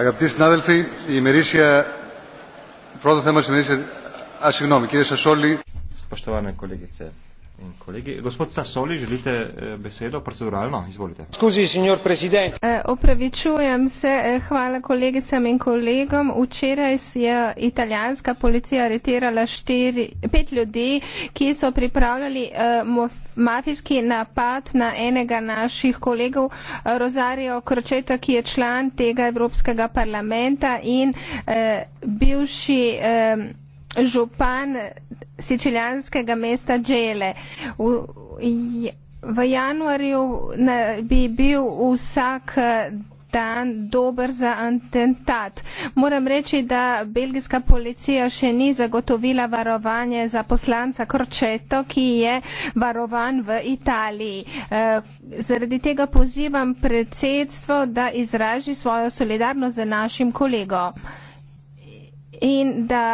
Αγαπητοί συνάδελφοι, η ημερήσια, πρώτο θέμα της ημερήσιας, ασυγγνώμη, κύριε Σασόλη. Σας ευχαριστώ, κύριε in kolegi. Gospod Sasoli, želite eh, besedo proceduralno? Izvolite. Skuzi, senjor prezident. Eh, opravičujem se, eh, hvala kolegicam in kolegom. Včeraj je italijanska policija aretirala štiri, pet ljudi, ki so pripravljali mafijski napad na enega naših kolegov, Rozario Kročeta, ki je član tega Evropskega parlamenta in bivši župan sicilijanskega mesta Džele. V, v januarju ne, bi bil vsak dan dober za atentat. Moram reči, da belgijska policija še ni zagotovila varovanje za poslanca Kročeto, ki je varovan v Italiji. E, zaradi tega pozivam predsedstvo, da izraži svojo solidarnost z našim kolego in da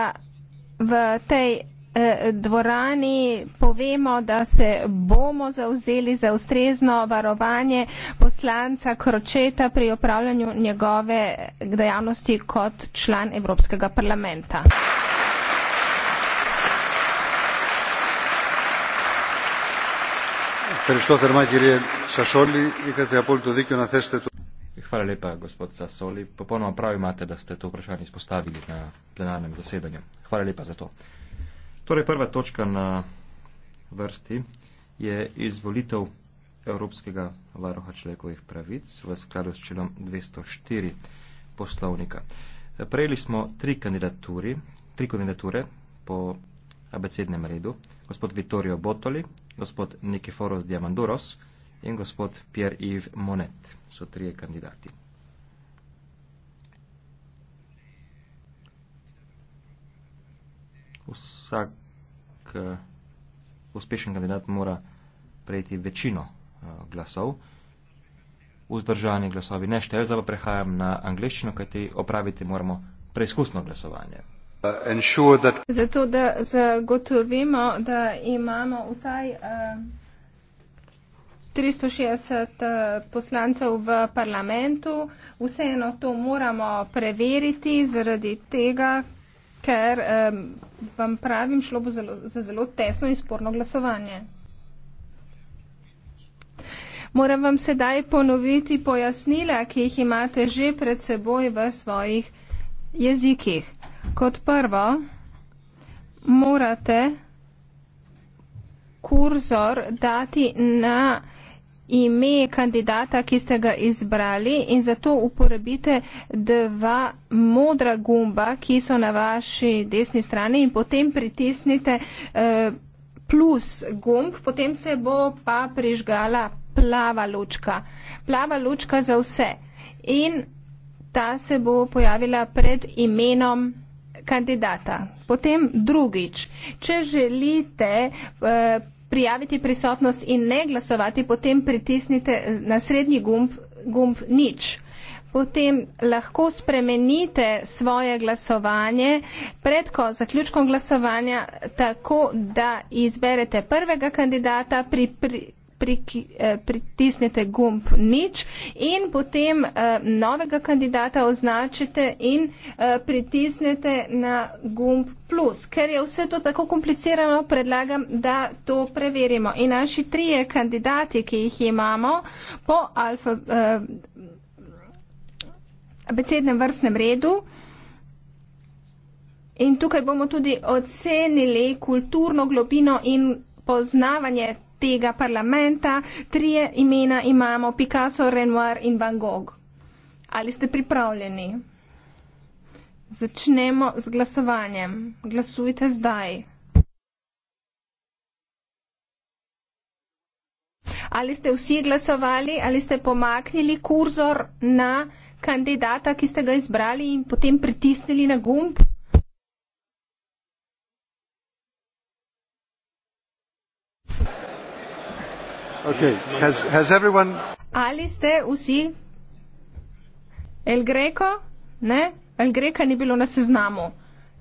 v tej eh, dvorani povemo, da se bomo zauzeli za ustrezno varovanje poslanca Kročeta pri upravljanju njegove dejavnosti kot član Evropskega parlamenta. Ευχαριστώ θερμά κύριε Σασόλη. Είχατε απόλυτο δίκιο να θέσετε το... Hvala lepa, gospod Sasoli. Popolnoma prav imate, da ste to vprašanje izpostavili na plenarnem zasedanju. Hvala lepa za to. Torej, prva točka na vrsti je izvolitev Evropskega varuha človekovih pravic v skladu s členom 204 poslovnika. Prejeli smo tri, kandidaturi, tri kandidature po abecednem redu. Gospod Vittorio Botoli, gospod Nikiforos Diamandouros, in gospod Pierre-Yves Monet so trije kandidati. Vsak eh, uspešen kandidat mora prejeti večino eh, glasov. Vzdržani glasovi ne štejo, zdaj pa prehajam na angliščino, kajti opraviti moramo preizkusno glasovanje. Uh, Zato, da zagotovimo, da imamo vsaj. Uh... 360 eh, poslancev v parlamentu. Vseeno to moramo preveriti zaradi tega, ker vam pravim, šlo bo zelo, za zelo tesno in sporno glasovanje. Moram vam sedaj ponoviti pojasnila, ki jih imate že pred seboj v svojih jezikih. Kot prvo, morate kurzor dati na ime kandidata, ki ste ga izbrali in zato uporabite dva modra gumba, ki so na vaši desni strani in potem pritisnite eh, plus gumb, potem se bo pa prižgala plava lučka. Plava lučka za vse. In ta se bo pojavila pred imenom kandidata. Potem drugič, če želite eh, prijaviti prisotnost in ne glasovati, potem pritisnite na srednji gumb, gumb nič. Potem lahko spremenite svoje glasovanje pred zaključkom glasovanja tako, da izberete prvega kandidata pri, pri Eh, pritisnete gumb nič in potem eh, novega kandidata označite in eh, pritisnete na gumb plus. Ker je vse to tako komplicirano, predlagam, da to preverimo. In naši trije kandidati, ki jih imamo po alfa, abecednem vrstnem redu, In tukaj bomo tudi ocenili kulturno globino in poznavanje tega parlamenta, tri imena imamo Picasso, Renoir in Van Gogh. Ali ste pripravljeni? Začnemo z glasovanjem. Glasujte zdaj. Ali ste vsi glasovali, ali ste pomaknili kurzor na kandidata, ki ste ga izbrali in potem pritisnili na gumb? Okay. Has, has everyone? Ali ste vsi? El Greco? Ne? El Greka ni bilo na seznamu.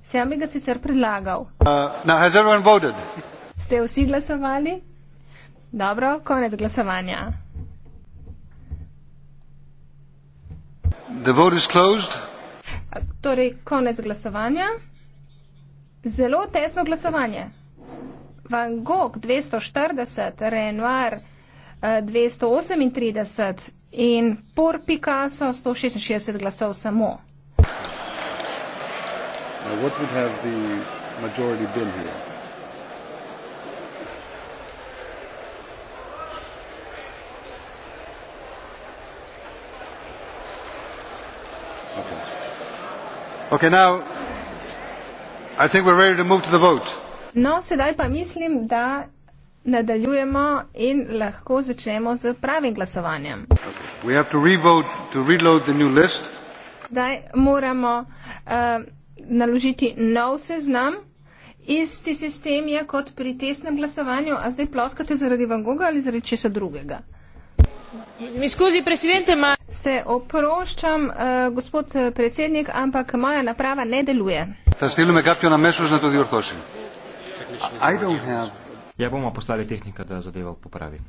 Sam bi ga sicer predlagal. Uh, ste vsi glasovali? Dobro, konec glasovanja. The vote is closed. Torej, konec glasovanja. Zelo tesno glasovanje. Van Gogh 240, Renoir 238 in por Picasso 166 glasov samo. Now, what would have the majority been here? Okay. okay, now I think we're ready to move to the vote. No, sedaj pa mislim, da Nadaljujemo in lahko začnemo z pravim glasovanjem. Zdaj moramo uh, naložiti nov seznam. Isti sistem je kot pri tesnem glasovanju, a zdaj ploskate zaradi Van Goga ali zaradi česa drugega. Se oproščam, uh, gospod eh, predsednik, ampak moja naprava ne deluje. Ta stilu me kapljo na mešožna tudi vrtoši. I don't have Ja, bomo poslali tehnika, da zadevo popravi.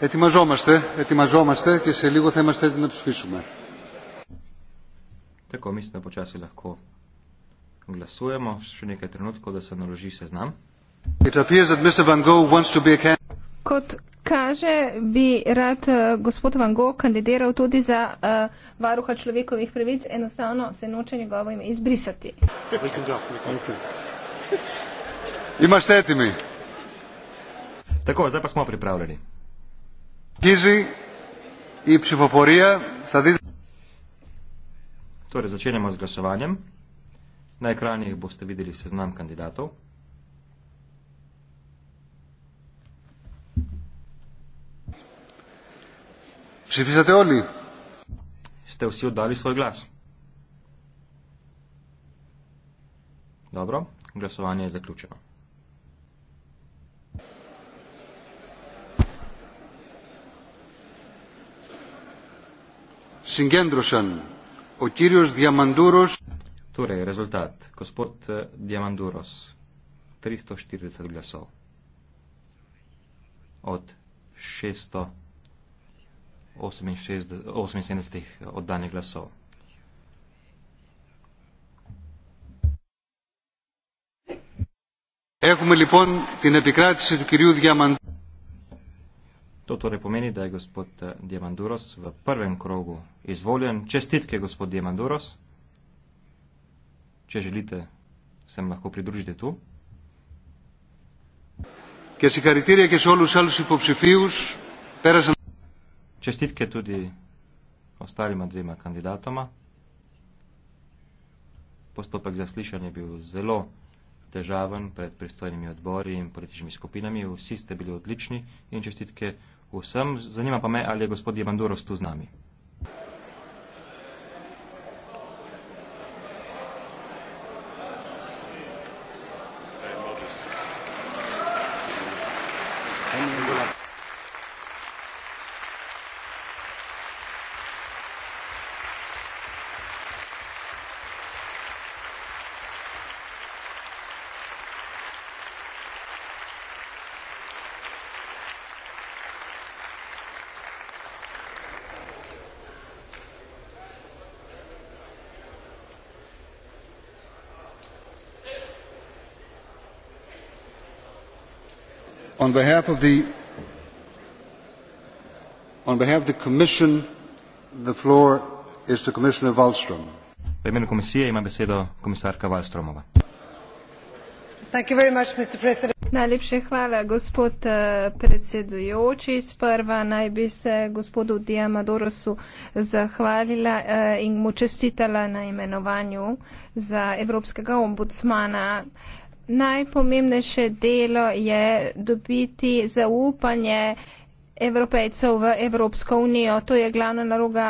Ετοιμαζόμαστε, ετοιμαζόμαστε και σε λίγο θα είμαστε έτοιμοι να ψηφίσουμε. Tako, mislim, da počasi lahko glasujemo. Še nekaj trenutkov, da se naloži seznam. Kot kaže, bi rad eh, gospod Van Gogh kandidiral tudi za uh, varuha človekovih pravic. Enostavno se noče njegovo ime izbrisati. Imate etimi. Tako, zdaj pa smo pripravljeni. Torej, začenjamo z glasovanjem. Na ekranih boste videli seznam kandidatov. Ψηφίσατε όλοι. Είστε όσοι οντάλοι στο γλάς. Δόμπρο, γλασοβάνια είναι Torej, rezultat. Gospod eh, Diamanduros, 340 glasov od 678 oddanih glasov. Imamo lepo ti nepikratice, kirju Diamanduros. To torej pomeni, da je gospod eh, Diamanduros v prvem krogu izvoljen. Čestitke, gospod Diamanduros. Če želite, se mi lahko pridružite tu. Čestitke tudi ostalima dvema kandidatoma. Postopek zaslišanja je bil zelo težaven pred pristojnimi odbori in političnimi skupinami. Vsi ste bili odlični in čestitke Vsem zanima pa me, ali je gospod Jemandurov tu z nami. v imenu komisije ima besedo komisarka wallstromova najlepše hvala gospod eh, predsedujoči sprva naj bi se gospodu diamadorosu zahvalila eh, in mu čestitala na imenovanju za evropskega ombudsmana najpomembnejše delo je dobiti zaupanje evropejcev v Evropsko unijo. To je glavna naloga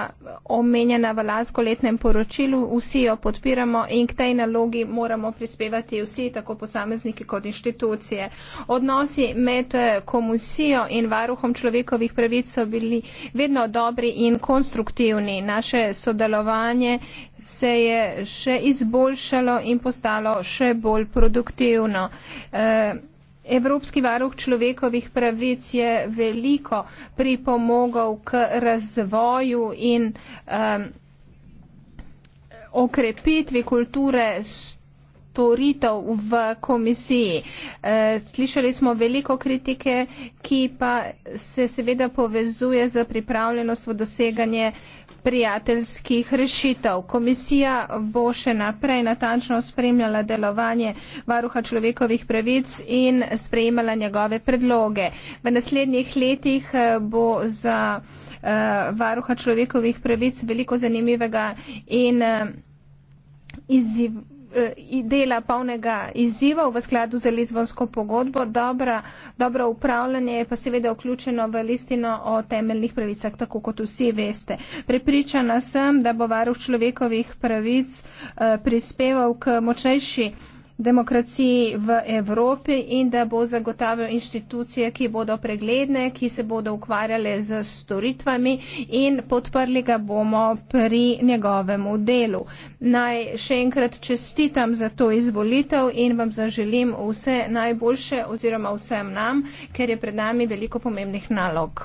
omenjena v lanskoletnem poročilu. Vsi jo podpiramo in k tej nalogi moramo prispevati vsi, tako posamezniki kot inštitucije. Odnosi med eh, komisijo in varuhom človekovih pravic so bili vedno dobri in konstruktivni. Naše sodelovanje se je še izboljšalo in postalo še bolj produktivno. E, Evropski varuh človekovih pravic je veliko pripomogel k razvoju in um, okrepitvi kulture storitev v komisiji. Eh, slišali smo veliko kritike, ki pa se seveda povezuje z pripravljenost v doseganje prijateljskih rešitev. Komisija bo še naprej natančno spremljala delovanje varuha človekovih pravic in sprejemala njegove predloge. V naslednjih letih eh, bo za eh, varuha človekovih pravic veliko zanimivega in izziv Eh, dela polnega izziva v skladu z Lizbonsko pogodbo. Dobra, dobro upravljanje je pa seveda vključeno v listino o temeljnih pravicah, tako kot vsi veste. Prepričana sem, da bo varuh človekovih pravic eh, prispeval k močnejši demokraciji v Evropi in da bo zagotavljal inštitucije, ki bodo pregledne, ki se bodo ukvarjale z storitvami in podprli ga bomo pri njegovem delu. Naj še enkrat čestitam za to izvolitev in vam zaželim vse najboljše oziroma vsem nam, ker je pred nami veliko pomembnih nalog.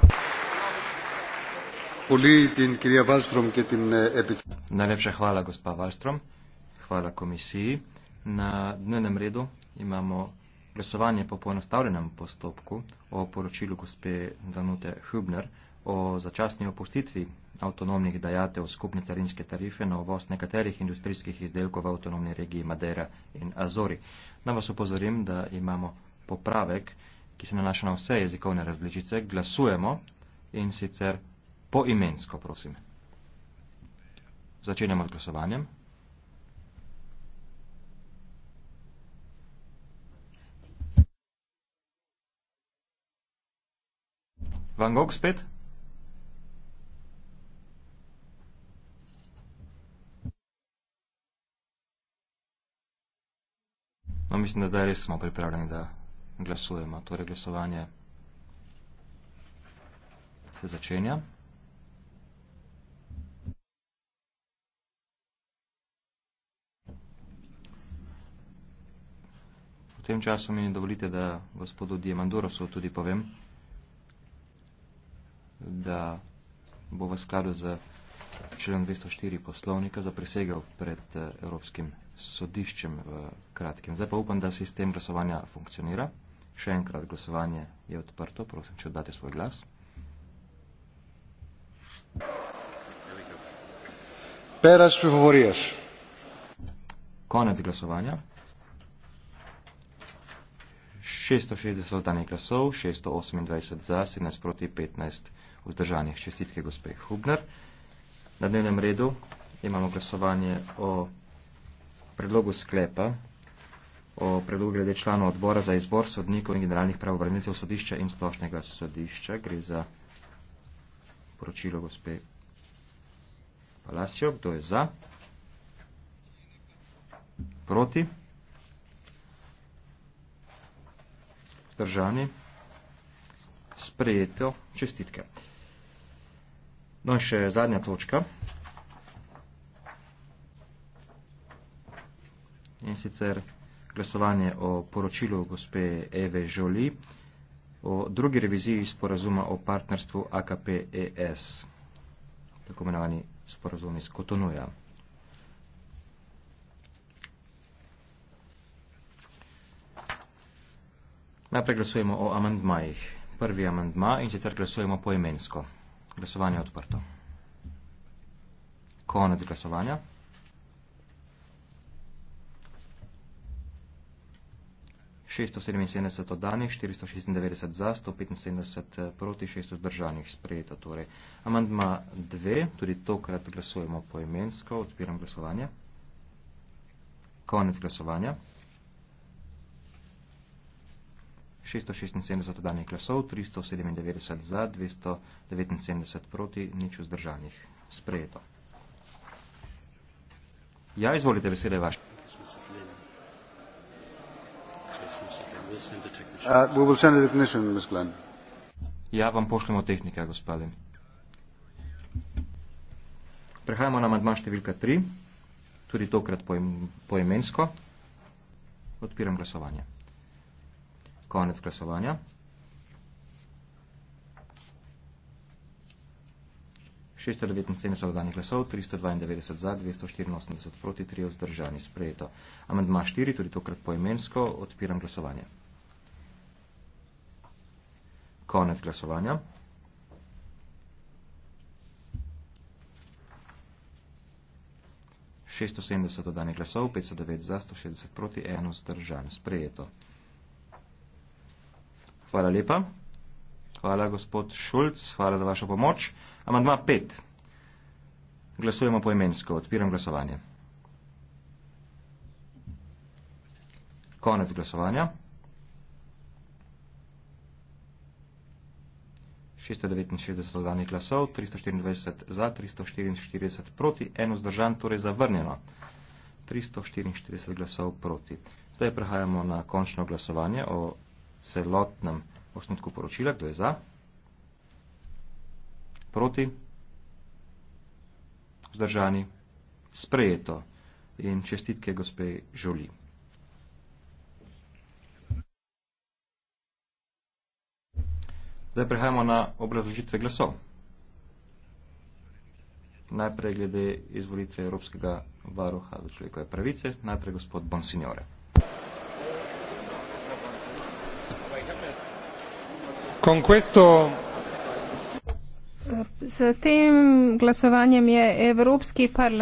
Eh, Najlepša hvala, gospa Valstrom. Hvala komisiji. Na dnevnem redu imamo glasovanje po poenostavljenem postopku o poročilu gospe Danute Hübner o začasni opustitvi avtonomnih dajatev skupne carinske tarife na uvoz nekaterih industrijskih izdelkov v avtonomni regiji Madeira in Azori. Na vas upozorim, da imamo popravek, ki se nanaša na vse jezikovne različice. Glasujemo in sicer poimensko, prosim. Začenjamo z glasovanjem. Van Gogh spet. No, mislim, da zdaj res smo pripravljeni, da glasujemo. Torej, glasovanje se začenja. V tem času mi dovolite, da gospodu Diamandurosu tudi povem da bo v skladu z člen 204 poslovnika zapresegel pred eh, Evropskim sodiščem v kratkem. Zdaj pa upam, da sistem glasovanja funkcionira. Še enkrat glasovanje je odprto. Prosim, če oddate svoj glas. Peraš, govoriš. Konec glasovanja. 660 glasov, 628 za, 17 proti 15 vzdržanih. Čestitke, gospe Hubner. Na dnevnem redu imamo glasovanje o predlogu sklepa, o predlogu glede člana odbora za izbor sodnikov in generalnih pravobranilcev sodišča in splošnega sodišča. Gre za poročilo gospe Palasčev. Kdo je za? Proti? Vzdržani? Sprejeto. Čestitke. No in še zadnja točka. In sicer glasovanje o poročilu gospe Eve Žoli o drugi reviziji sporazuma o partnerstvu AKP-ES, tako imenovani sporazum iz Kotonuja. Najprej glasujemo o amandmajih. Prvi amandma in sicer glasujemo poimensko. imensko. Glasovanje je odprto. Konec glasovanja. Šesto sedeminsedemdeset oddanih, štiristo šestindevetdeset za, sto petinsedemdeset eh, proti, šesto vzdržanih, sprejeto torej. Amandma dve, tudi tokrat glasujemo poimensko, odpiram glasovanje. Konec glasovanja. 676 dodanih glasov, 397 za, 279 proti, nič vzdržanih. Sprejeto. Ja, izvolite, besede vaš. Uh, we will send a technician, Ms. Glenn. Ja, vam pošljemo tehnika, gospodin. Prehajamo na madma številka 3, tudi tokrat poimensko. Odpiram glasovanje konec glasovanja. Šesto devetnaest so oddanih glasov, 392 za, 284 proti, 3 vzdržani sprejeto. Amandma 4, tudi tokrat poimensko, odpiram glasovanje. Konec glasovanja. Šesto sedemdeset oddanih glasov, 509 za, 160 proti, 1 vzdržan sprejeto. Hvala lepa. Hvala, gospod Šulc, hvala za vašo pomoč. Amandma 5. Glasujemo poimensko. Odpiram glasovanje. Konec glasovanja. 669 oddanih glasov, 324 za, 344 proti, eno zdržan, torej zavrnjeno. 344 glasov proti. Zdaj prehajamo na končno glasovanje o celotnem osnutku poročila. Kdo je za? Proti? Zdržani? Sprejeto. In čestitke gospe Žoli. Zdaj prehajamo na obrazložitve glasov. Najprej glede izvolitve Evropskega varuha za človekove pravice, najprej gospod Bonsignore. Con questo... S tem glasovanjem je Evropski parlament.